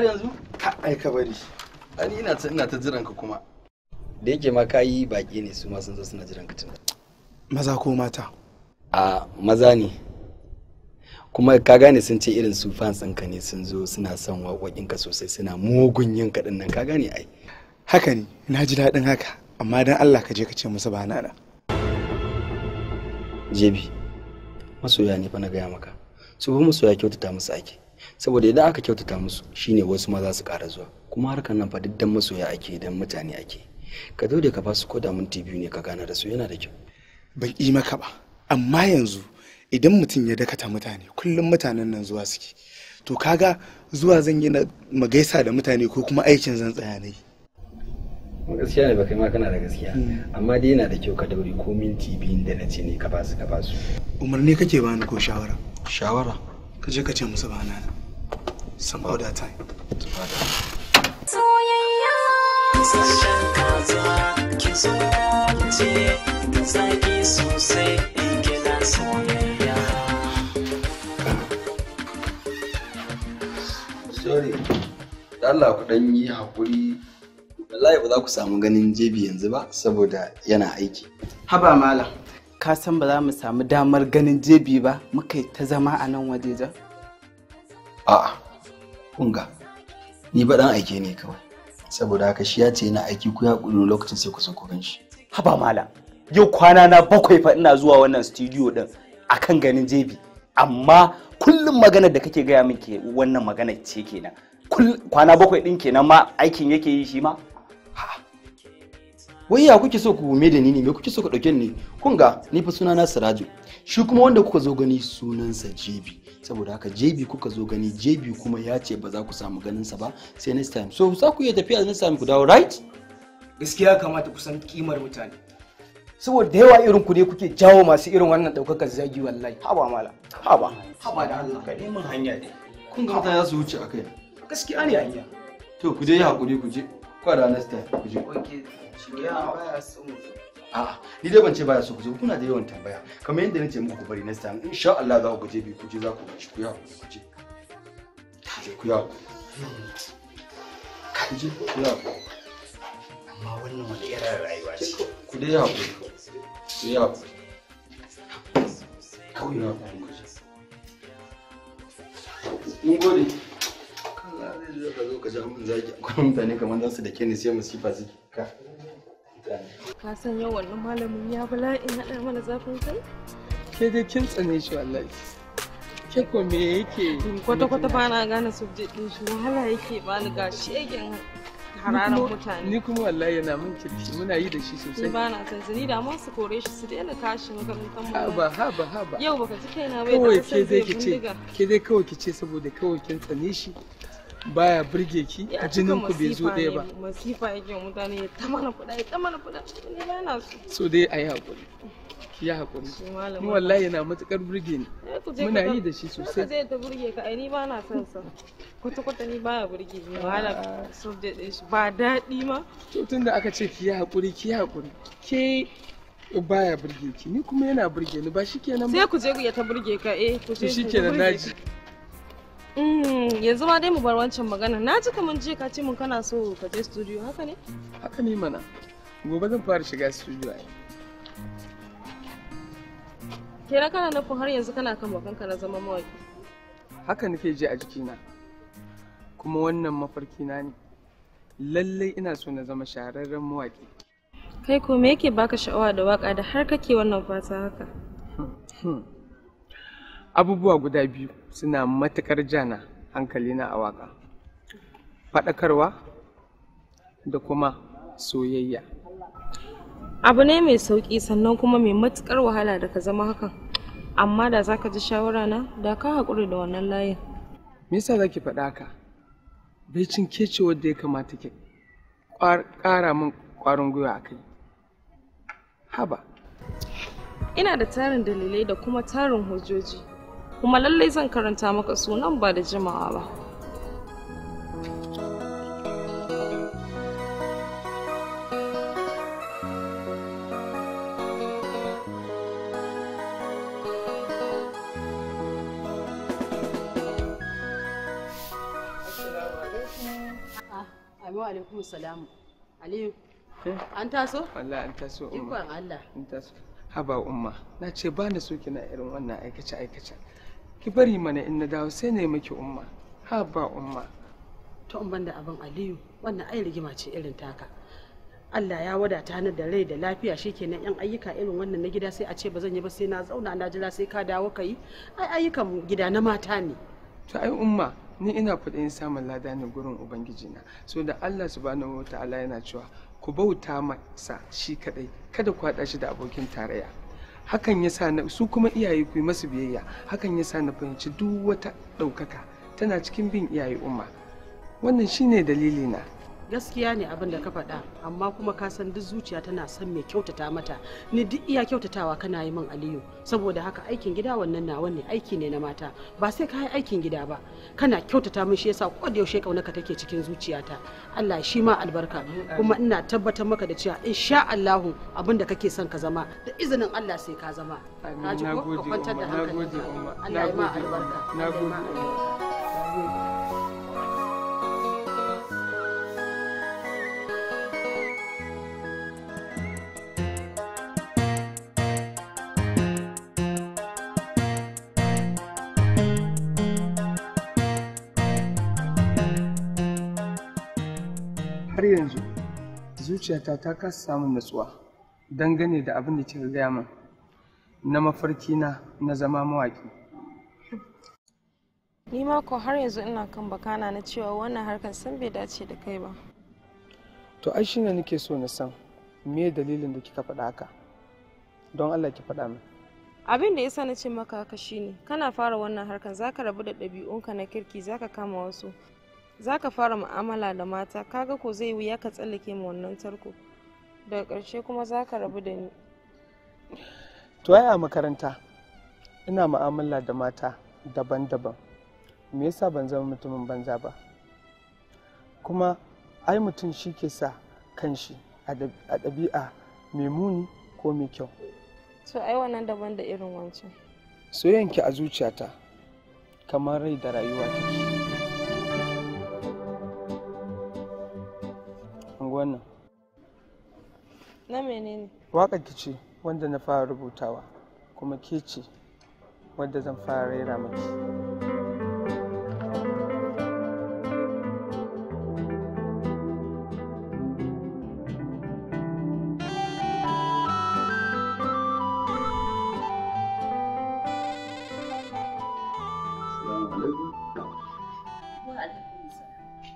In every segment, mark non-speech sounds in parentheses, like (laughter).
labari yanzu? Ka ai ka bari. Ani ina ta ina ta jiran ka kuma. Da yake ma kayi baki ne su ma sun zo suna jiran ka tunda. Maza ko mata? A maza ne. Kuma ka gane sun ce irin su fans ka ne sun zo suna son waƙoƙinka sosai suna mugun yin kaɗin nan ka gane ai. Haka ne, na ji daɗin haka, amma don Allah ka je ka ce musu ba na Jebi, masoya ne fa na gaya maka. Su ba masoya kyautata musu ake. saboda idan aka kyautata musu shine wasu ma za su ƙara zuwa kuma harkar nan fa duk dan masoya ake dan mutane ake ka dole ka ba su koda minti biyu ne ka gana da su yana da kyau ban yi maka ba amma yanzu idan mutum ya dakata mutane kullum mutanen nan zuwa suke to kaga zuwa zan yi na gaisa da mutane ko kuma aikin zan tsaya ne gaskiya ne ba kai ma kana da gaskiya hmm. amma dai yana da kyau ka dauri ko minti biyun da na ce ne ka basu ka basu umarni kake bani ko shawara shawara ka ka ce musu ba nan some other time. Sorry, Allah ku ɗan yi haƙuri. Wallahi ba za ku samu ganin jebi yanzu ba saboda yana aiki. Haba malam, ka san ba za mu samu damar ganin jebi ba muka ta zama a nan wajejen? A'a, kunga, ni ba dan aike ne kawai. Saboda haka shi ya ce na aiki ku ya ƙuri lokacin sai ku san ku ganshi. Haba malam, yau kwana na bakwai fa ina zuwa wannan studio ɗin akan ganin JB Amma kullum maganar da kake gaya min ke wannan magana ce kenan. Kwana bakwai ɗin kenan ma aikin yake yi shi ma? Wai ya kuke so ku me da ni ne, me kuke so ku ɗauke ni? Kun ga, ni fa suna na Siraju. Shi kuma wanda kuka zo gani sunansa Jebi. saboda haka JB kuka zo gani JB kuma ya ce ba za ku samu ganin sa ba sai next time so za ku iya tafiya next time ku dawo right gaskiya kamata ku san kimar mutane saboda da yawa irin ku ne kuke jawo masu irin wannan daukakar zagi wallahi haba mala haba haba da Allah ka neman hanya ne kun ga mutane za su wuce akai gaskiya ne hanya to ku je yi hakuri ku je kwa da next time ku je okay shi ya baya son a'a ni dai ban ce baya so kuje je kuna da yawan tambaya kamar yadda nace muku ku bari next time insha Allah za ku kuje bi kuje za ku ci ku yawo ku je ku je ku yawo ku je ku yawo amma wannan wani irin rayuwa ce ku dai yawo ku yawo kawai yawo ku je mun gode kan zai zo ka zo ka ji mun zaki akwai mutane kamar za su da ke ni sai musifa suke ka Ka san yau wannan malamin ya bala'in haɗa mana zafin kai? Ke dai kin tsane shi wallahi. Ke ko me yake? Kwata-kwata ba na gane subject ɗin shi wahala yake bani ga shegen hararan mutane. Ni kuma wallahi yana min kirki muna yi da shi sosai. Ni ba na san su ni da ma su kore shi su daina kashin makarantar mu. Haba haba ba Yau baka ji kaina bai da san zai bindiga. Ke dai kawai ki ce saboda kawai kin tsane shi. baya burge ki a jinin ku bai zo ɗaya ba masifa yake mutane ya ta mana kuɗa ya ta mana kuɗa ne ba na so so dai ayi hakuri ki ya hakuri ni wallahi yana matukar burge ni eh, muna yi da shi sosai zai ta burge ka ai ni ba na son sa kwata kwata ni baya burge ni wahala subject din shi ba daɗi ma to tunda aka ce ki ya hakuri ki ya hakuri ke baya burge ki ni kuma yana burge ni ba shikenan ba sai ku je ku ya ta burge ka eh ku je ku burge Mm, yanzu ma dai mu bar wancan magana na ji kamar jiya ka ce mun kana so ka je studio haka ne haka ne mana gobe zan fara shiga studio ai kenan kana nufin har yanzu kana kan bakanka na zama mawaki haka nake ji a jikina kuma wannan mafarki na ne lallai ina so na zama shahararren mawaki kai ko me yake baka sha'awa da waka da har kake wannan fata haka hmm, hmm. abubuwa guda biyu suna matuƙar jana hankalina a waka faɗakarwa da kuma soyayya abu ne mai sauƙi sannan kuma mai matuƙar wahala da ka zama hakan amma da za ka ji shawara na da ka haƙuri da wannan layin me yasa za ki faɗa ka? bai cin ce wadda ya kamata ke ƙara min ƙwarin gwiwa a kai haba ina da tarin dalilai da kuma tarin hujjoji kuma lallai zan karanta maka sunan ba da jimawa ba ah, eh? An taso? Allah an taso umma. Ikon Allah. An taso. Haba umma, na ce ba na so kina irin wannan aikace aikace. ki bari mana in na dawo sai na yi maki umma ha ba umma to in banda abin aliyu wannan ai rigima ce irin taka Allah ya wadata ni da rai da lafiya shikenan yan ayyuka irin wannan na gida sai a ce ba zan yi ba sai na zauna na jira sai ka dawo ka yi ai ayyukan gida na mata ne to ai umma ni ina kuɗin samun lada ne gurin ubangiji na. so da Allah subhanahu wataala yana cewa ku bauta masa shi kadai kada ku haɗa shi da abokin tarayya hakan ya sa na su kuma iyaye ku masu biyayya hakan ya sa na fahimci duk wata ɗaukaka tana cikin bin iyaye umma wannan shine dalili na gaskiya ne abin da ka faɗa amma kuma ka san duk zuciya tana son mai kyautata mata ni duk iya kyautatawa kana yi min aliyu saboda haka aikin gida wannan na wani aiki ne na mata ba sai ka yi aikin gida ba kana kyautata min shi yasa ko da yaushe kaunaka take cikin zuciyata Allah shi ma albarka kuma ina tabbatar maka da cewa insha Allah abin da kake son ka zama da izinin Allah sai ka zama ka ji ko ka kwantar da hankali Allah ya ma albarka nagode har yanzu zuciyata ta kasa samun natsuwa dangane da abin da kika gaya min na mafarki na na zama mawaƙi. Ni ma ko har yanzu ina kan bakana na cewa wannan harkar san bai dace da kai ba. To ai shine nake so na san me dalilin da kika faɗa haka. Don Allah ki faɗa min. Abin da yasa na ce maka haka shine kana fara wannan harkar zaka rabu da ɗabi'unka na kirki zaka kama wasu za ka fara mu'amala da mata kaga ko zai wuya ka tsallake mu wannan tarko daga ƙarshe kuma za ka rabu da ni to ai a makaranta ina mu'amala da mata daban-daban me yasa ban zama mutumin banza ba kuma ai mutum shi ke sa kanshi a ɗabi'a mai muni ko mai kyau to ai wannan daban da irin wancan soyayyanki a zuciyata kamar rai da rayuwa take wannan na menene waƙar ki ce wanda na fara rubutawa kuma ke ce wanda zan fara raira miki.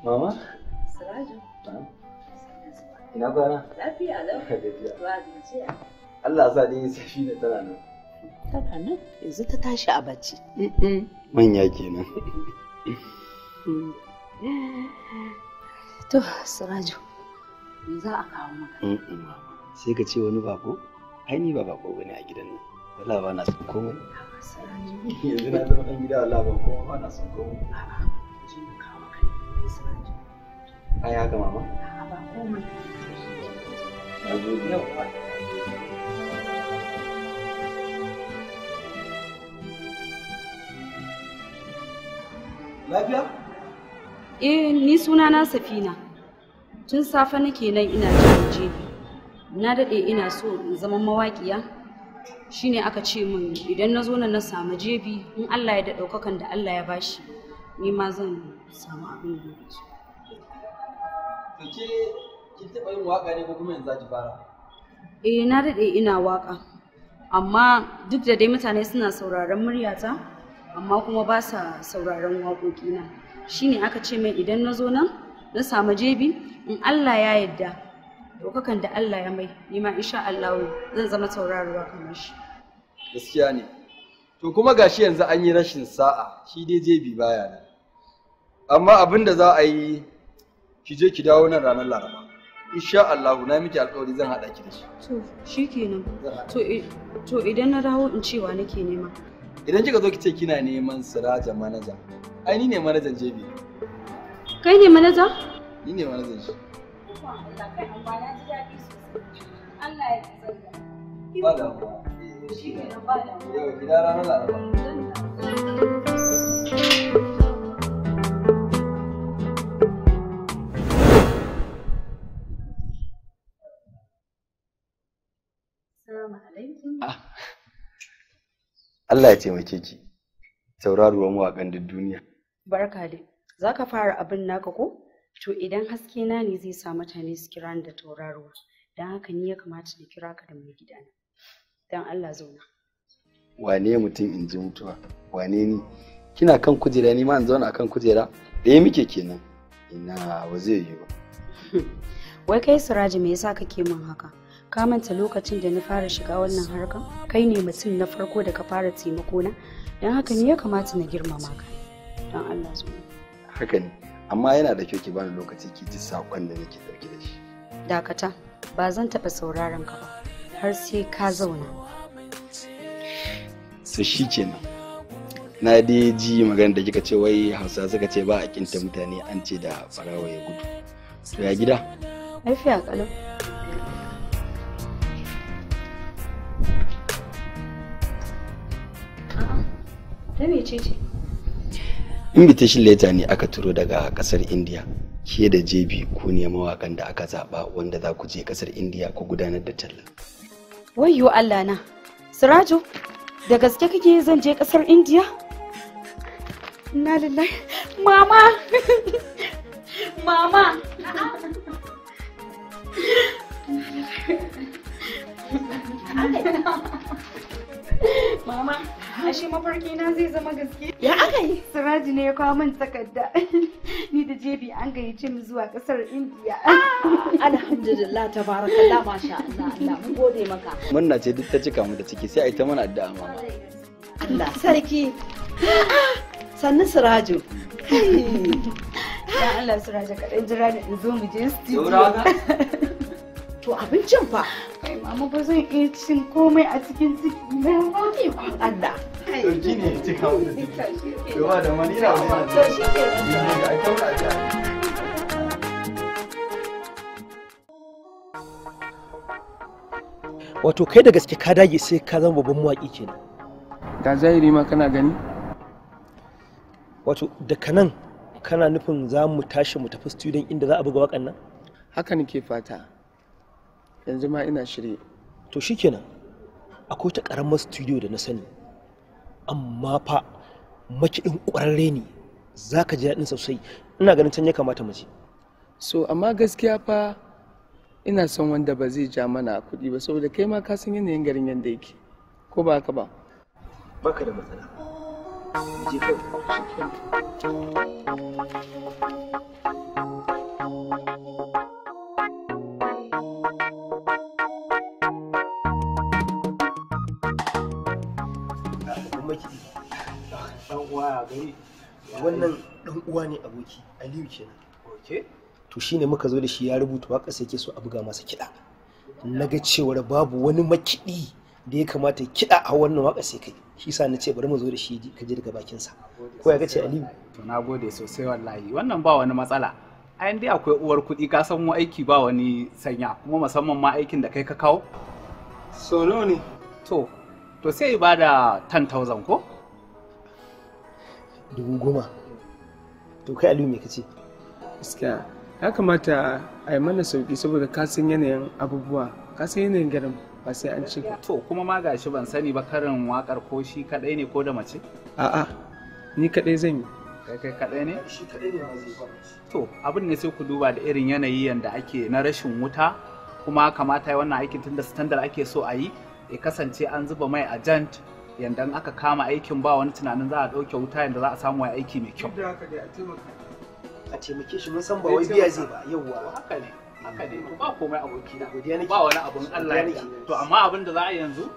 Mama? Ina kwana? Lafiya lau. (laughs) Allah sa dai ne tana nan. Tana nan yanzu ta tashi a bacci. Manya kenan. (laughs) To, Siraju, za a kawo maka? Sai ka ce wani bako? Ai ni ba bako bane a gidan nan. Wala ba na son komai. Yanzu na zama ɗan gida wala ba ba na son komai. A'a, kawo maka. Siraju. Ai haka mama? A'a ba komai. Lafiya? Eh, ni sunana Safina. Tun safe nake nan ina jiran Na daɗe ina so in zama mawaƙiya. Shine aka ce min idan na zo nan na samu jebi in Allah ya da ɗaukakan da Allah ya bashi ni ma zan samu abin da nake so. kin taɓa yin waƙa ne ko kuma yanzu fara eh na daɗe ina waka amma duk da dai mutane suna sauraron muryata amma kuma ba sa sauraron waƙoƙina shine aka ce mai idan na zo nan na samu jebi in Allah ya yarda ɗaukakan da Allah ya mai ni ma insha Allah zan zama sauraruwa kamar shi gaskiya ne to kuma gashi yanzu an yi rashin sa'a shi dai jebi baya nan amma abin da za a yi ki je ki dawo nan ranar laraba insha Allah na miki alƙawari zan haɗa ki da shi to shikenan to eh, to idan na dawo in cewa nake nema idan kika zo kice kina neman siraja manaja ai ni ne manajan JB kai ne manaja ni ne manajan shi Allah ya tsaya ba da shi ba da yau ranar (laughs) Allah ya taimake ki mu a kan duniya barka dai zaka fara abin naka ko to idan haske na ne zai sa mutane su kira ni da tauraruwa don haka ni ya kamata na kira ka da mai gidana don Allah zauna wane mutum in ji mutuwa wane ni kina kan kujera ni ma in zauna akan kujera ɗaya muke kenan ina ba zai yi ba (laughs) wai kai siraji me yasa kake min haka ka manta lokacin da na fara shiga wannan harkar kai ne mutum na farko da ka fara taimako na don haka ne ya kamata na girmama ka don Allah zo haka ne amma yana da kyau ki bani lokaci ki ji sakon da nake dauke da shi dakata ba zan taɓa sauraron ka ba har sai ka zauna su shi kenan na dai ji magana da kika ce wai hausa suka ce ba a kinta mutane an ce da farawa ya gudu to ya gida lafiya kalau In mece invitation letter ne aka turo daga kasar india ke da jb ku ne mawakan da aka zaba wanda za ku je kasar india ku gudanar da talla wayyo allah na siraju da gaske kake zan je kasar india na lillahi mama (laughs) mama mama (laughs) (laughs) ashe mafarki na zai zama gaske ya aka yi siraji ne ya kawo min takarda (laughs) ni da jebi an gayyace mu zuwa kasar indiya ah! alhamdulillah tabarakallah masha Allah Allah mun gode maka murna ce duk ta cika mu da ciki sai a yi ta mana addu'a ma Allah sarki ah! sannu siraju (laughs) Ya Allah siraju kaɗan jira da in zo mu je studio To abincin fa? Kai mama ba zan iya cin komai a cikin ciki na ba. ku Allah. ne cika ciki. da mani na wani. shi ke. wato kai da gaske ka dage sai ka zama babban mawaƙi kenan ga zahiri ma kana gani wato daga nan kana nufin za mu tashi mu tafi student inda za a buga waƙan nan haka nake fata yanzu ma ina shirye to shikenan akwai ta karamar studio da na sani amma fa makiɗin ƙwararre ne za ka ji daɗin sosai ina ganin can ya kamata mu je so amma gaskiya fa ina son wanda ba zai ja mana kuɗi ba saboda kai ma ka san yanayin garin yadda yake ko ba haka ba baka da matsala je you. gari wannan dan uwa ne aboki aliyu kenan okay to shine muka zo da shi ya rubuta waka sai ke so a buga masa kiɗa Naga cewar babu wani makiɗi da ya kamata kiɗa a wannan waka sai kai shi sa na ce bari mu zo da shi ka je daga bakin sa ko ya ce aliyu to na gode sosai wallahi wannan ba wani matsala ayan dai akwai uwar kuɗi ka san mu aiki ba wani sanya kuma musamman ma aikin da kai ka kawo so ne to to sai ba da 10,000 ko dubu goma to kai aliyu me kace gaskiya ya kamata a yi mana sauki saboda ka san yanayin abubuwa ka san yanayin garin ba sai an ce to kuma ma gashi ban sani ba karin wakar ko shi kadai ne ko da mace a'a ni kadai zan yi kai kai kadai ne shi kadai ne to abin ne sai ku duba da irin yanayi yanda ake na rashin wuta kuma kamata yi wannan aikin tunda standard ake so a yi ya kasance an zuba mai a jant yanda aka kama aikin ba wani tunanin za a ɗauke wuta yanda za a samu aiki mai kyau a taimake shi mun san ba wai biya zai ba yauwa haka ne haka ne to ba komai aboki na ba wani abun Allah ne to amma abin da za a yanzu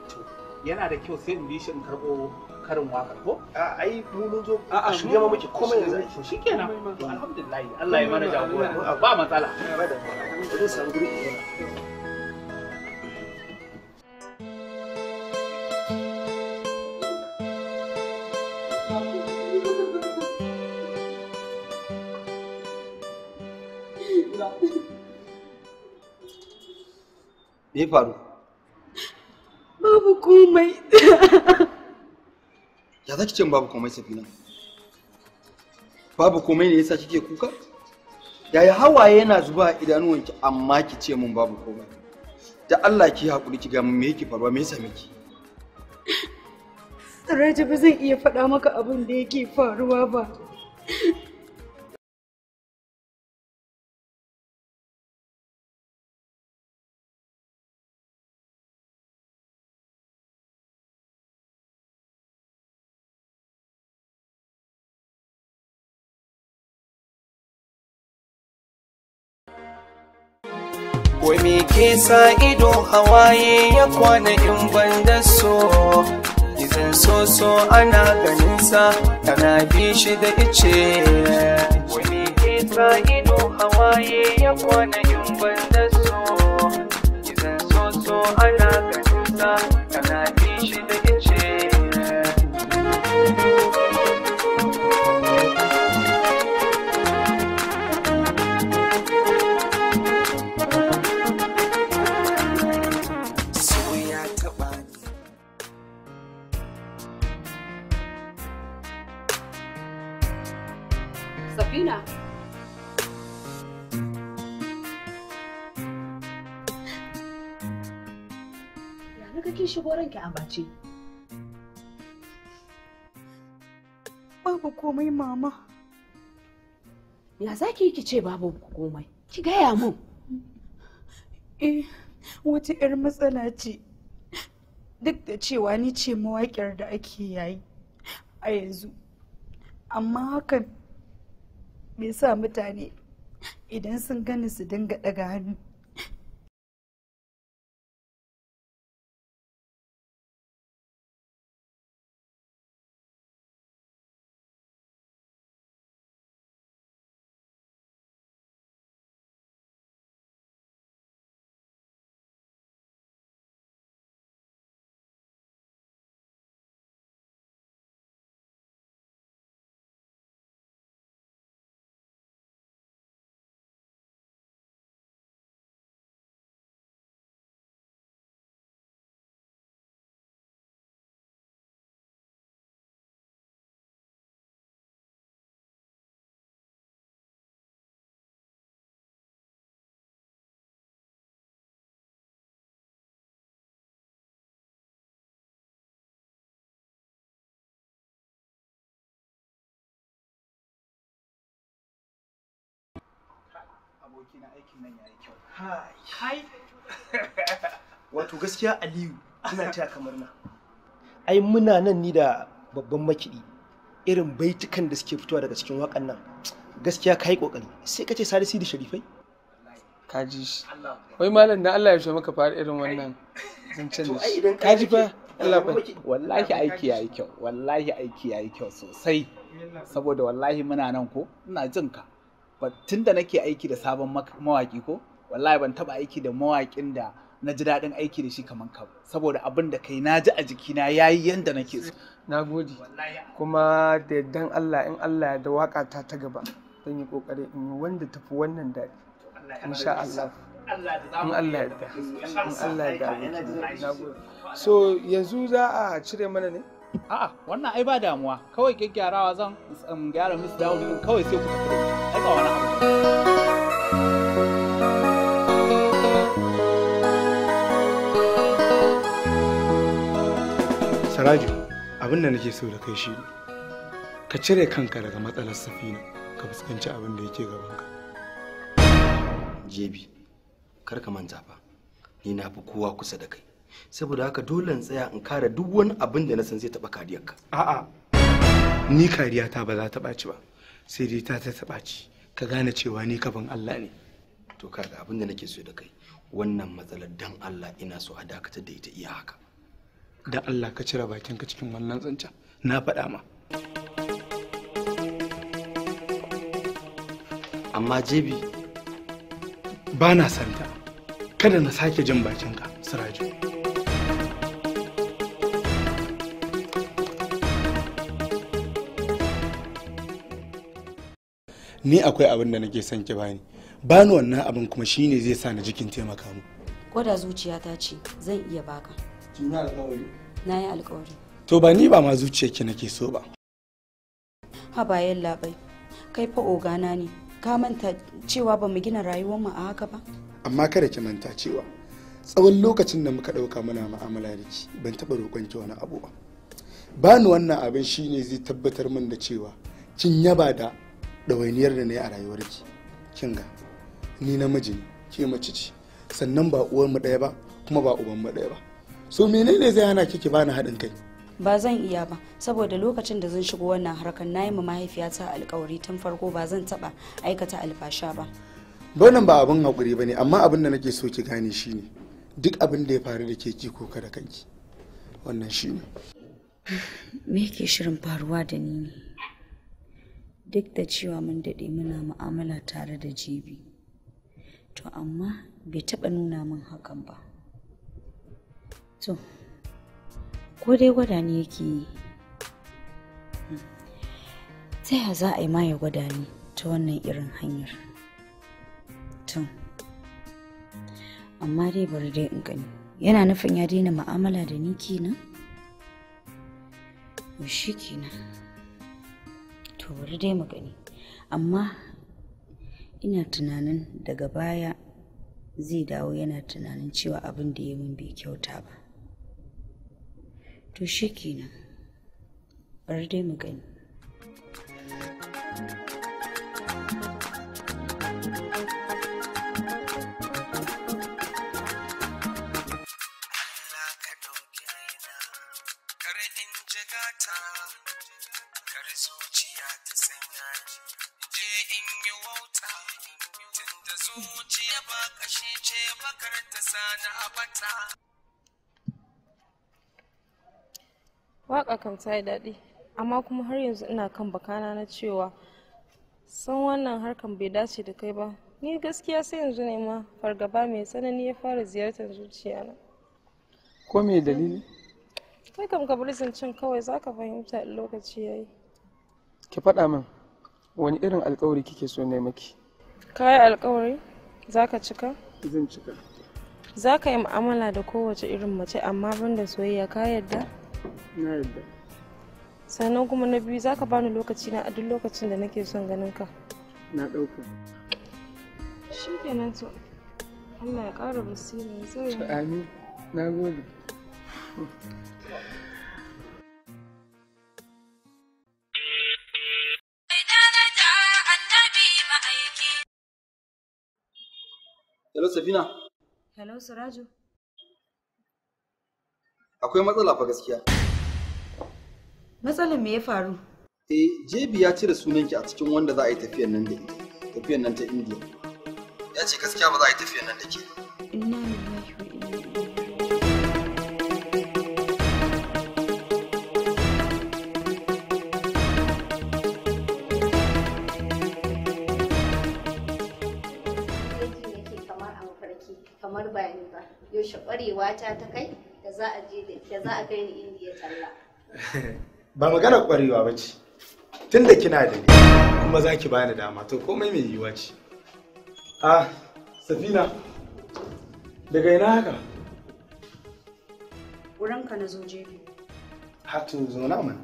yana da kyau sai in bi shi in karbo karin waka ko a ai mu mun zo a a shirye muke komai yanzu Shi kenan? to alhamdulillah Allah ya mana jagora ba matsala ba da Ba samu gurbin (laughs) Me faru? Babu komai. (laughs) Ya za ki ce babu komai Safina? Babu komai ne yasa kike kuka? Yaya hawaye yana zuba a idanuwanki amma ki ce min babu komai. Da Allah ki haƙuri ki ga me yake faruwa me yasa miki? Raja ba zan iya faɗa maka abin da yake faruwa ba. sa ido hawaye ya kwana in ban da so izan so so ana ganin sa tana bi shi da ice sa ido hawaye ya kwana in ban da so izan so so ana ganin sa tana bi shi da ya za ki ki ce babu komai ki gaya mun eh wata 'yar matsala ce duk da cewa ni ce mawaƙiyar da ake yayi a yanzu amma hakan bai sa mutane idan sun gani su dinga ɗaga hannu nan yayi kyau. Wato gaskiya Aliyu ina taya kamar na. Ai muna nan ni da babban makiɗi irin baitukan da suke fitowa daga cikin waƙan nan. Gaskiya kai kokari sai kace Salisu da Sharifai. Ka ji shi. Wai malam da Allah ya shi maka fara irin wannan zancen da shi. Ka ji fa? Allah fa. Wallahi aiki yayi kyau. Wallahi aiki yayi kyau sosai. Saboda wallahi muna nan ko ina jin ka. tun da nake aiki da sabon mawaki ko wallahi ban taba aiki da mawakin da na ji daɗin aiki da shi kamar ka saboda abin da kai na ji a jikina ya yi yadda nake so na gode kuma da yaddan Allah in Allah da waka ta ta gaba zan yi kokari in yi wanda tafi wannan daɗi insha Allah in Allah ya da in Allah ya da so yanzu za a cire mana ne (laughs) A'a, wannan ai ba damuwa, kawai gyaggyarawa zan um, gyara Miss Dawud kawai sai ku tafi. Ai ba wani abu. Saraju, abin da nake so da kai shi ka cire kanka daga matsalar safina ka fuskanci abin da yake gabanka. Jebi, kar ka manta fa, ni na fi kowa kusa da kai. saboda haka dole in tsaya in kare duk wani abin da na san zai taba ka. a'a ni kariya ta ba za ta ɓaci ba sai dai ta ta ɓaci ka gane cewa ni kafin Allah ne to kaga abin da nake so da kai wannan matsalar dan Allah ina so a dakatar da ita iya haka dan Allah ka cire bakinka cikin wannan zancen na faɗa ma amma jebi ba na santa kada na sake jin bakinka siraju ni akwai abin da nake son ki bani bani wannan abin kuma shine zai sa na jikin taimaka mu ko da zuciya ta ce zan iya baka kin alƙawari na yi alƙawari to ba ni ba ma zuciyar ki nake so ba ha yalla labai kai fa ogana ne ka manta cewa ba mu gina rayuwar mu a haka ba amma kada ki manta cewa tsawon lokacin da muka ɗauka muna ma'amala da ki ban taɓa roƙon ki wani abu ba bani wannan abin shine zai tabbatar min da cewa kin yaba da ɗawainiyar da na yi a rayuwarki kin ga ni namiji ne ke mace ce sannan ba uwar mu ɗaya ba kuma ba uban mu ɗaya ba so menene zai hana ki ki bani haɗin kai ba zan iya ba saboda lokacin da zan shigo wannan harkar nayi yi ma mahaifiyata alkawari tun farko ba zan taɓa aikata alfasha ba wannan ba abin haƙuri ba ne amma abin da nake so ki gane shi duk abin da ya faru da ke kiko kuka da kanki wannan shi me yake shirin faruwa da ni duk da cewa mun daɗe muna mu'amala tare da jibi to amma bai taɓa nuna min hakan ba to ko dai gwada ne yake yi ta za a yi ma ya gwada ni ta wannan irin hanyar To, amma dai bari dai in gani yana nufin ya daina mu'amala da ni kenan shi kenan to bari dai mu gani amma ina tunanin daga baya zai dawo yana tunanin cewa abin da ya min bai kyauta ba to shi kenan bari dai mu gani thank you zuciya ta sanya je in sana bata waka kam ta yi daɗi amma kuma har yanzu ina kan bakana na cewa san wannan harkan bai dace da kai ba ni gaskiya sai yanzu ne ma fargaba mai tsanani ya fara ziyartar zuciyana ko me dalili kai kam ka bar zancen kawai zaka fahimta lokaci ya yi. ki faɗa min wani irin alkawari kike so ne miki ka yi alkawari za ka cika zan cika za ka yi mu'amala da kowace irin mace amma ban da soyayya ka yarda na yarda sannan kuma na biyu za ka bani lokaci na a duk lokacin da nake son ganin ka na ɗauka shi kenan to Allah ya ƙara basira zai amin na gode Hello Safina. Hello Suraju. Akwai matsala fa gaskiya. Matsalar me ya faru? Eh, Jebi ya cire sunanki a cikin wanda za a yi tafiyar nan da ita. Tafiyar nan ta India. Ya ce gaskiya ba za a yi tafiyar nan da ke. Ina kwarewa ta ta kai da za a je da za a kai ni indiya talla (laughs) ba magana kwarewa ba ce tunda kina da ni kuma za ki bani dama to komai mai yiwuwa ce ah safina daga ina haka wurinka na zo jefi hatu zo na mana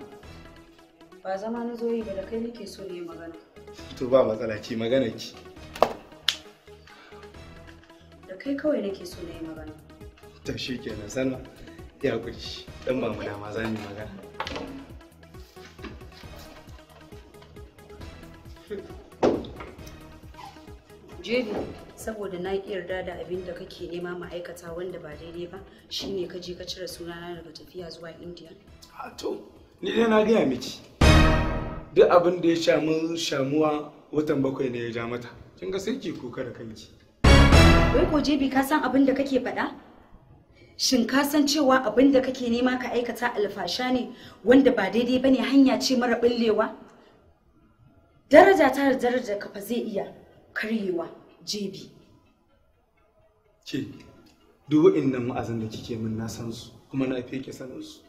ba zama na zo yi ba da kai nake so ne magana to ba matsala ki magana ki da kai kawai nake so ne yi magana to shi ke na salma ya guri dan ba muna ma za mu magana Jerry, saboda na ƙi yarda da abin da kake nema ma'aikata wanda ba daidai ba shine ka je ka cire sunana daga tafiya zuwa Indiya. A to, ni dai na gaya miki. Duk abin da ya shamu shamuwa watan bakwai ne ya ja mata. Kin ga sai ki kuka da kanki. Wai ko Jebi ka san abin da kake faɗa? shin ka san cewa abin da kake nema ka aikata alfasha ne wanda ba daidai bane hanya ce mara billewa daraja ta da daraja ka fa zai iya karyewa jebi ce duk wa'annan ma'azin da kike min na san su kuma na feke sanin su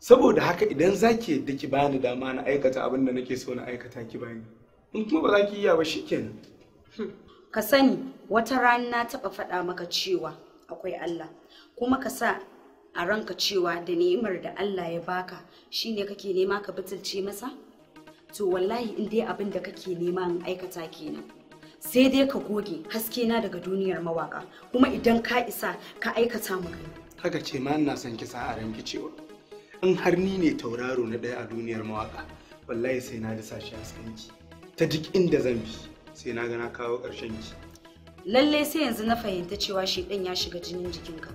saboda haka idan zaki yadda ki bani dama na aikata abin da nake so na aikata ki bani in kuma ba za ki iya ba shikenan ka sani wata rana na taɓa faɗa maka cewa akwai Allah kuma ka sa a ranka cewa da ni'imar da Allah ya baka shine kake nema ka butulce masa to wallahi in dai abin da kake nema in aikata kenan sai dai ka goge haske na daga duniyar mawaka kuma idan ka isa ka aikata mu haka ce ma ina son kisa a ranki cewa in har ni ne tauraro na ɗaya a duniyar mawaka wallahi sai na dasa shi haskenki ta duk inda zan bi sai na ga na kawo ƙarshen ki lallai sai yanzu na fahimta cewa shedan ya shiga jinin jikinka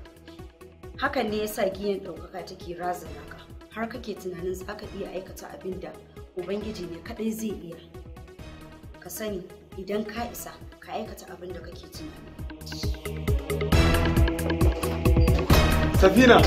hakan ne ya sa giyan ɗaukaka take razana ka har kake tunanin za ka iya aikata abin da ubangiji ne kaɗai zai iya ka sani idan ka isa ka aikata abin da kake tunani safina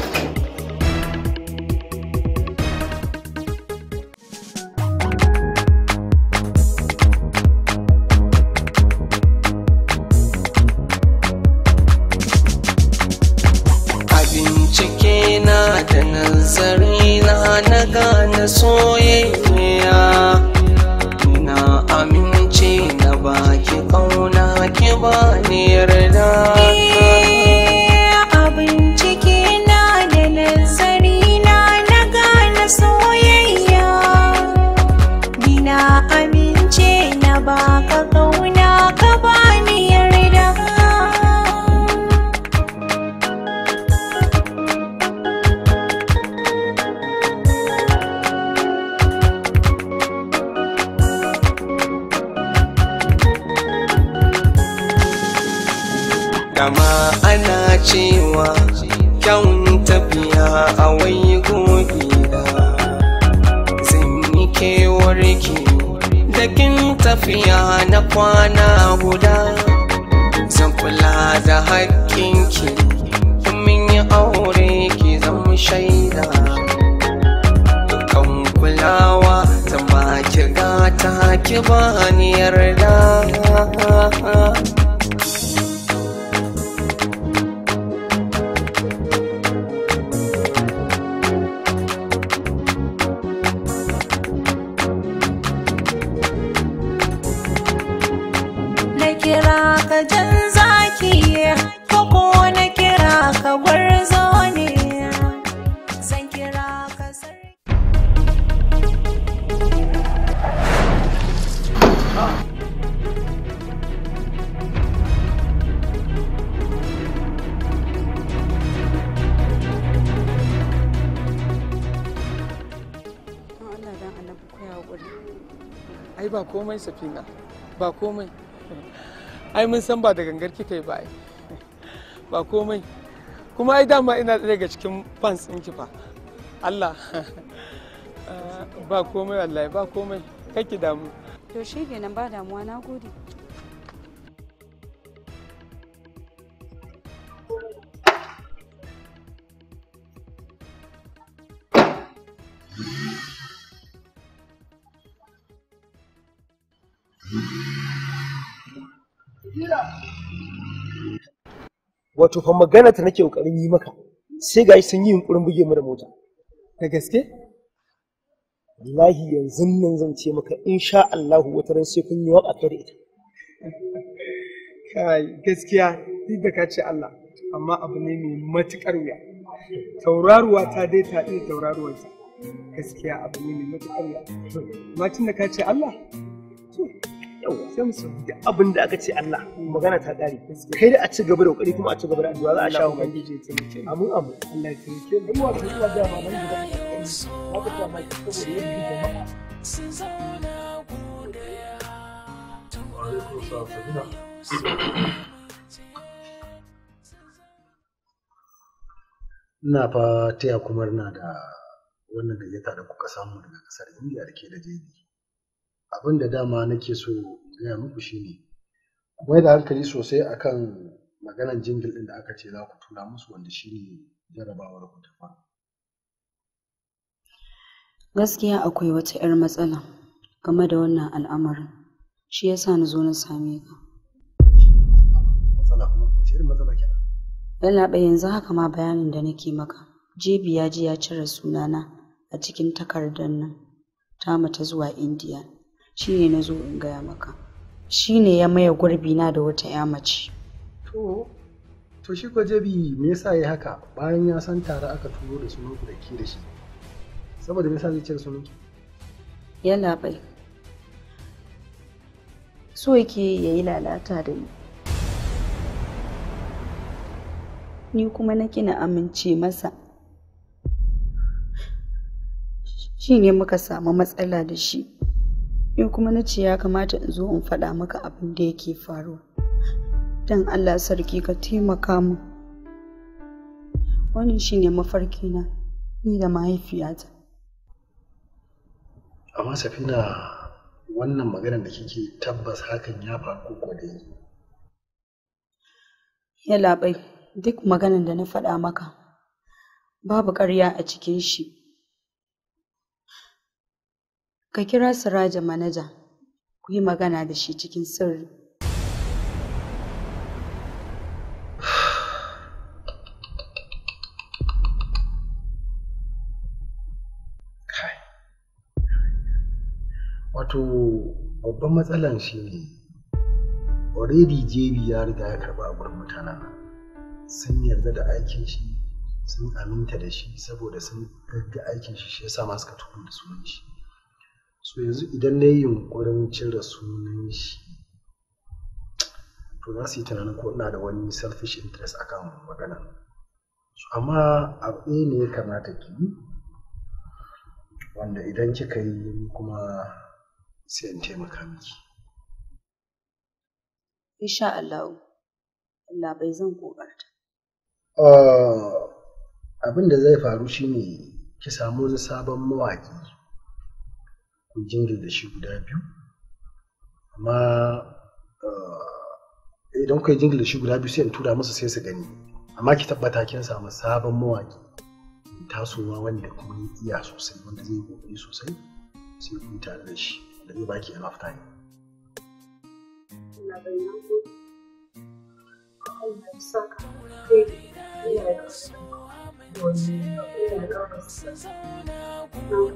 tafiya na kwana guda zan kula da hakkinki min yi aure ki zama shaida kan kulawa zan ba ki gata ki ba ni yarda ba komai safina ba komai ai mun san ba da gangar kika yi ba ba komai kuma ai dama ina daga cikin fans ɗinki fa Allah ba komai wallahi ba komai kake damu to shi kenan ba damuwa na gode wato fa magana ta nake kokarin yi maka sai gashi sun yi yunkurin buge mu da mota ta gaske wallahi yanzu nan zan ce maka insha Allah wata ran sai kun yi waka kai da ita kai gaskiya duk da ka ce Allah amma abu ne mai matukar wuya tauraruwa ta dai ta iya tauraruwa gaskiya abu ne mai matukar wuya matin da ka ce Allah to yawa abin da aka ce Allah ta da a ci gaba da kokari kuma a ci gaba da za a sha hukunci amin amin Allah ta mai ina fa taya kuma na da wannan gayyata da kuka samu daga kasar indiya da ke da jeji abin da dama nake so gaya muku shine mai da hankali sosai akan maganan jingil ɗin da aka ce za ku tura musu wanda shine jarabawar ku ta gaskiya akwai wata 'yar matsala game da wannan al'amarin shi yasa na zo na same ka ɗaya yanzu haka ma bayanin da nake maka Jibi ya ji ya cire sunana a cikin takardar nan tamu ta zuwa indiya shi ne na zo in gaya maka shi ne ya maye gurbi na da wata ya mace to to shi ko jabi me yasa ya haka bayan ya san tare aka turo da sunan da ke da shi saboda me yasa zai cire sunan yana bai so yake yayi lalata da ni ni kuma na kina amince masa shi ne muka samu matsala da shi in kuma na ce ya kamata in zo in faɗa maka abin da yake faruwa don allah sarki ka taimaka mu wannan mafarki na, ni da mahaifiyata amma safina wannan maganar da kike tabbas hakan ya faru ko dai ya labai duk maganar da na faɗa maka babu karya a cikin shi Ka kira siraja manaja, ku yi magana da shi cikin sirri. Wato babban matsalan shi ne, already JB ya riga ya karba a mutanen sun yarda da aikin shi sun aminta da shi saboda sun gagga aikin shi shi yasa masu suka tukun da sunan shi. so yanzu idan na yi yunƙurin cire sunan shi to za su yi tunanin ko ina da wani selfish interest akan magana amma abu ɗaya ne ya kamata ki yi wanda idan kika yi kuma sai in taimaka miki insha Allah Allah bai zan kokarta ah, abin da zai faru shine ki samu wani sabon mawaƙi akwai jeri da shi guda biyu amma eh, idan kai jingila shi guda biyu sai in tura musu sai su gani amma ki tabbata kin samu sabon mawaki tasowa wanda kuma ya iya sosai wanda zai kokari sosai sai ku tare da shi da zai baki enough time Thank you.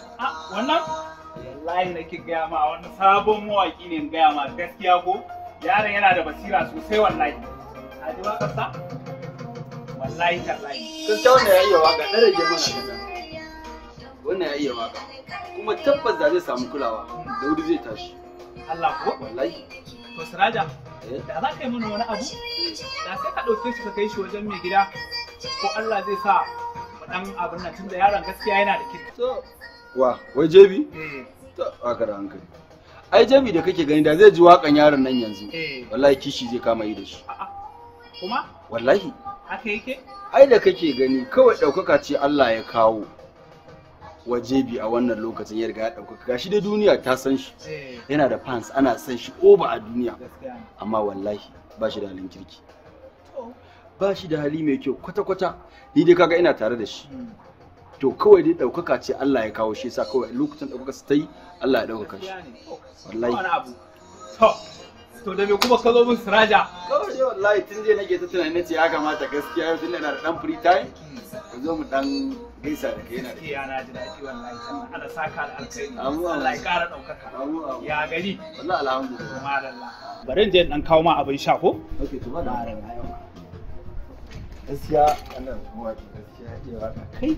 Ah, wannan wallahi nake gaya ma wani sabon mawaki ne gaya ma gaskiya ko yaron yana da basira sosai wallahi a ji waƙarsa wallahi tallahi gaskiya wannan ya iya waƙa ɗan rage mana kaza wannan ya iya waƙa kuma tabbas da zai samu kulawa da wuri zai tashi Allah ko wallahi to siraja eh? da za ka yi mana wani abu da sai ka ɗauke shi ka kai shi wajen mai gida ko Allah zai sa dan abin nan tunda yaron gaskiya yana da kirki wa wai jebi ta aka da hankali ai jebi da kake gani da zai ji wakan yaron nan yanzu eh. wallahi kishi zai kama yi da shi kuma wallahi haka yake ai da kake gani kawai ɗaukaka ce Allah ya kawo wajebi a wannan lokacin ya riga ya ɗaukaka gashi da duniya ta san shi eh. yana da fans ana san shi oba a duniya amma wallahi ba shi da halin kirki ba shi da hali mai kyau kwata-kwata ni dai kaga ina tare da shi hmm. to kawai dai ɗaukaka ce Allah ya kawo shi sa kawai lokacin ɗaukaka su ta yi Allah ya ɗaukaka shi wallahi to da me kuma ka zo min siraja kawai dai wallahi tun je nake ta tunani ce ya kamata gaskiya yau tun ina da dan free time ka zo mu dan gaisa da kai na da ya na ji daɗi wallahi sannan ana saka da alkhairi Allah ya ƙara ɗaukaka ya gari wallahi alhamdulillah madalla bari je dan kawo ma abin sha ko okay to ba da gaskiya wannan kuma gaskiya ya kai